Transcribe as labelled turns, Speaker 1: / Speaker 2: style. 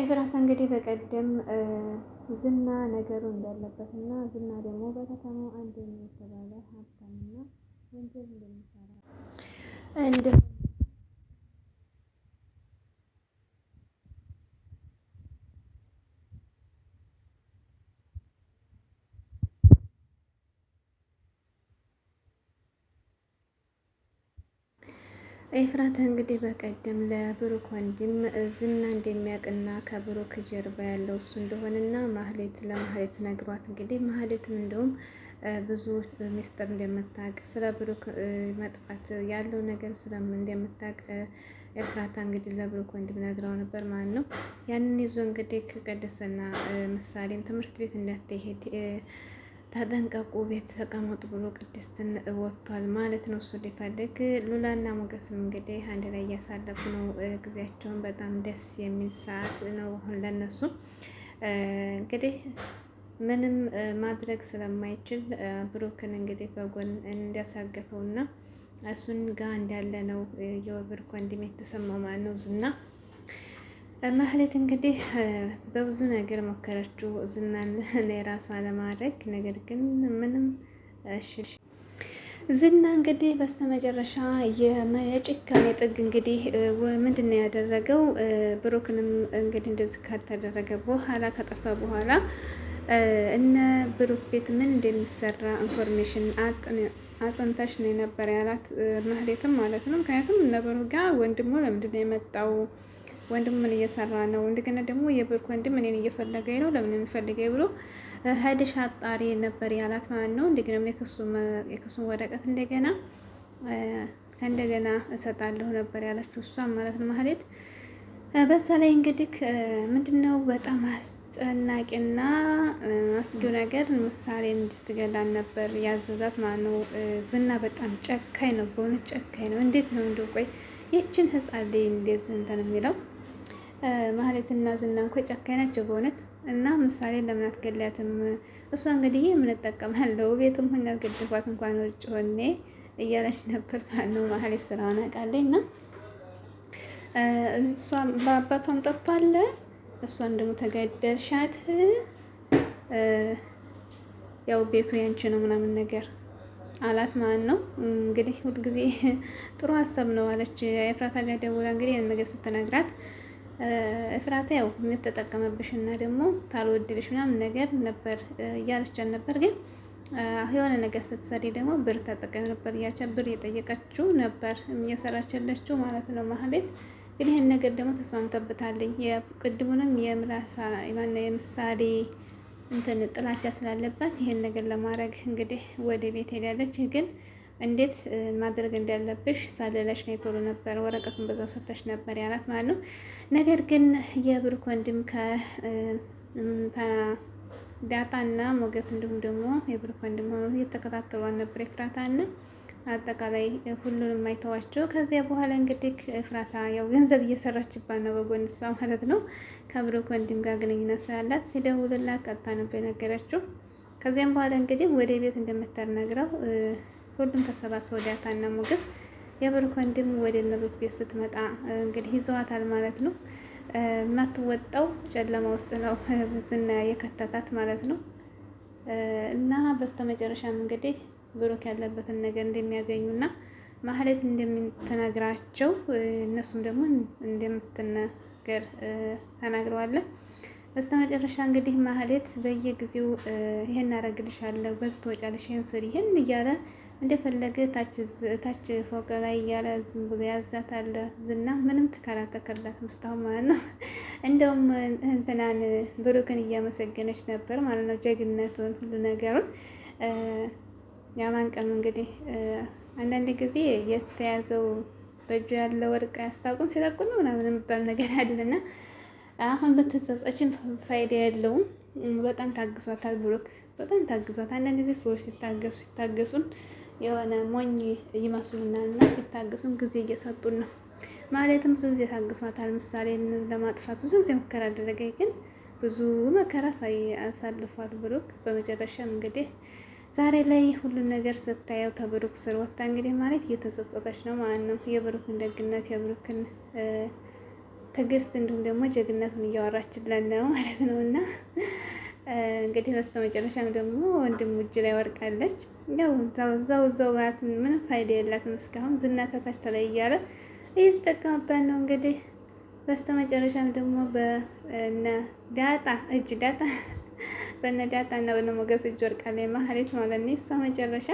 Speaker 1: ኤፍራታ እንግዲህ በቀደም ዝና ነገሩ እንዳለበት እና ዝና ደግሞ በከተማው አንደኛ የተባለ ሀብታም ሀብታምና ወንጀል እንደሚሰራ ኤፍራታ እንግዲህ በቀደም ለብሩክ ወንድም ዝና እንደሚያውቅና ከብሩክ ጀርባ ያለው እሱ እንደሆነና ማህሌት ለማህሌት ነግሯት እንግዲህ ማህሌትም እንደውም ብዙ ሚስጥር እንደምታውቅ ስለ ብሩክ መጥፋት ያለው ነገር ስለምን እንደምታውቅ ኤፍራታ እንግዲህ ለብሩክ ወንድም ነግረው ነበር ማለት ነው። ያንን ይዞ እንግዲህ ከቀደሰና ምሳሌም ትምህርት ቤት እንዳትሄድ ተጠንቀቁ ቤት ተቀመጡ ብሎ ቅድስትን ወጥቷል ማለት ነው። እሱ ሊፈልግ ሉላና ሞገስም እንግዲህ አንድ ላይ እያሳለፉ ነው ጊዜያቸውን። በጣም ደስ የሚል ሰዓት ነው ለነሱ እንግዲህ ምንም ማድረግ ስለማይችል ብሩክን እንግዲህ በጎን እንዲያሳገፈው እና እሱን ጋር እንዳለ ነው የብሩክ ወንድም የተሰማው ማለት ነው ዝና ማህሌት እንግዲህ በብዙ ነገር ሞከረችው ዝናን ለራሷ ለማድረግ ነገር ግን ምንም እሽሽ ዝና እንግዲህ በስተመጨረሻ የጭካኔ ጥግ እንግዲህ ምንድን ነው ያደረገው ብሩክንም እንግዲህ እንደዚህ ካልተደረገ በኋላ ከጠፋ በኋላ እነ ብሩክ ቤት ምን እንደሚሰራ ኢንፎርሜሽን አጽንተሽ ነው የነበረ ያላት ማህሌትም ማለት ነው ምክንያቱም እነ ብሩክ ጋር ወንድሙ ለምንድን ነው የመጣው ወንድም ምን እየሰራ ነው? እንደገና ደግሞ የብሩክ ወንድም እኔን እየፈለገኝ ነው፣ ለምን የሚፈልገኝ ብሎ ሄደሽ አጣሪ ነበር ያላት ማለት ነው። እንደገና የክሱን ወረቀት እንደገና ከእንደገና እሰጣለሁ ነበር ያላችሁ እሷ ማለት ነው ማህሌት በዛ ላይ እንግዲህ ምንድነው በጣም አስጨናቂና አስጊው ነገር ምሳሌ እንድትገላን ነበር ያዘዛት ማለት ነው። ዝና በጣም ጨካኝ ነው፣ በሆነ ጨካኝ ነው። እንዴት ነው እንደው ቆይ ይችን ህጻን ልጅ እንዴት ዝንተ የሚለው ማህሌትና ዝና እንኳ ጨካኝ ናቸው በእውነት እና ምሳሌ ለምን አትገላትም? እሷ እንግዲህ ምን እጠቀማለሁ ቤትም ሆነ ገድፏት እንኳን ውጭ ሆኔ እያለች ነበር ማለት ነው። ማህሌት ስራውን አውቃለች እና እሷ በአባቷም ጠፍቷል። እሷን ደግሞ ተገደልሻት፣ ያው ቤቱ ያንቺ ነው ምናምን ነገር አላት ማለት ነው። እንግዲህ ሁልጊዜ ጥሩ ሀሳብ ነው አለች። የፍራታ ጋር ደውላ እንግዲህ ነገር ስትነግራት እፍራታ ያው እና ደግሞ ታልወድልሽ ምናምን ነገር ነበር እያለቻት ነበር። ግን የሆነ ነገር ስትሰሪ ደግሞ ብር ተጠቀም ነበር እያቻ ብር የጠየቀችው ነበር እየሰራች ማለት ነው ማህሌት። ግን ይህን ነገር ደግሞ ተስማምተብታለኝ። የቅድሙንም የምላሳ ማና የምሳሌ እንትን ጥላቻ ስላለባት ይህን ነገር ለማድረግ እንግዲህ ወደ ቤት ሄዳለች ግን እንዴት ማድረግ እንዳለብሽ ሳለላሽ ነው የቶሎ ነበር ወረቀቱን በዛው ሰተሽ ነበር ያላት ማለት ነው። ነገር ግን የብሩክ ወንድም ከዳጣና ሞገስ እንዲሁም ደግሞ የብሩክ ወንድም ሆኖ የተከታተሏን ነበር የፍራታና አጠቃላይ ሁሉንም አይተዋቸው። ከዚያ በኋላ እንግዲህ ፍራታ ያው ገንዘብ እየሰራችባት ነው በጎን እሷ ማለት ነው። ከብሩክ ወንድም ጋር ግንኙነት ስላላት ሲደውልላት ቀጥታ ነበር የነገረችው። ከዚያም በኋላ እንግዲህ ወደ ቤት እንደምትነግረው ሁሉም ተሰባስበው ዳታና ሞገስ የብሩክ ወንድም ወደ እነ ብሩክ ቤት ስትመጣ እንግዲህ ይዘዋታል ማለት ነው። የማትወጣው ጨለማ ውስጥ ነው ዝና የከተታት ማለት ነው። እና በስተመጨረሻም እንግዲህ ብሩክ ያለበትን ነገር እንደሚያገኙና ማህሌት እንደምትነግራቸው እነሱም ደግሞ እንደምትነገር ተናግረዋለን። በስተመጨረሻ እንግዲህ ማህሌት በየጊዜው ይሄን አረግልሻለሁ፣ በዚህ ትወጫለሽ፣ ይሄን ስሪ፣ ይሄን እያለ እንደፈለገ ታች ፎቅ ላይ እያለ ዝም ብሎ ያዛታል። ዝና ምንም ተከራተከላትም እስካሁን ማለት ነው። እንደውም እንትናን ብሩክን እያመሰገነች ነበር ማለት ነው። ጀግነቱን፣ ሁሉ ነገሩን ያማንቀም እንግዲህ አንዳንድ ጊዜ የተያዘው በእጁ ያለ ወርቅ አያስታውቅም ሲለቁን ነው ምናምን የሚባል ነገር አለና አሁን በተጸጸችን ፋይዳ የለውም። በጣም ታግሷታል ብሩክ በጣም ታግዟታል። አንዳንድ ጊዜ ሰዎች ሲታገሱ ሲታገሱን የሆነ ሞኝ ይመስሉናል እና ሲታግሱን ጊዜ እየሰጡን ነው። ማለትም ብዙ ጊዜ ታግሷታል። ምሳሌ ለማጥፋት ብዙ ጊዜ ሙከራ አደረገ፣ ግን ብዙ መከራ አሳልፏል ብሩክ። በመጨረሻም እንግዲህ ዛሬ ላይ ሁሉን ነገር ስታየው ተብሩክ ስር ወታ እንግዲህ ማለት እየተጸጸተች ነው ማለት ነው። የብሩክን ደግነት የብሩክን ትዕግስት እንዲሁም ደግሞ ጀግነቱን እያወራችለን ነው ማለት ነው እና እንግዲህ መጨረሻም ደግሞ ወንድሙ እጅ ላይ ወርቃለች። ያው እዛው እዛው ማለት ምን ፋይዳ የላትም። እስካሁን ዝናታታች ተለይ እያለ እየተጠቀመባት ነው። እንግዲህ መጨረሻም ደግሞ በነ ዳጣ እጅ ዳጣ በነ ዳጣ እና በነ ሞገስ እጅ ወርቃለች። ማህሌት ማለት ነው እሷ መጨረሻ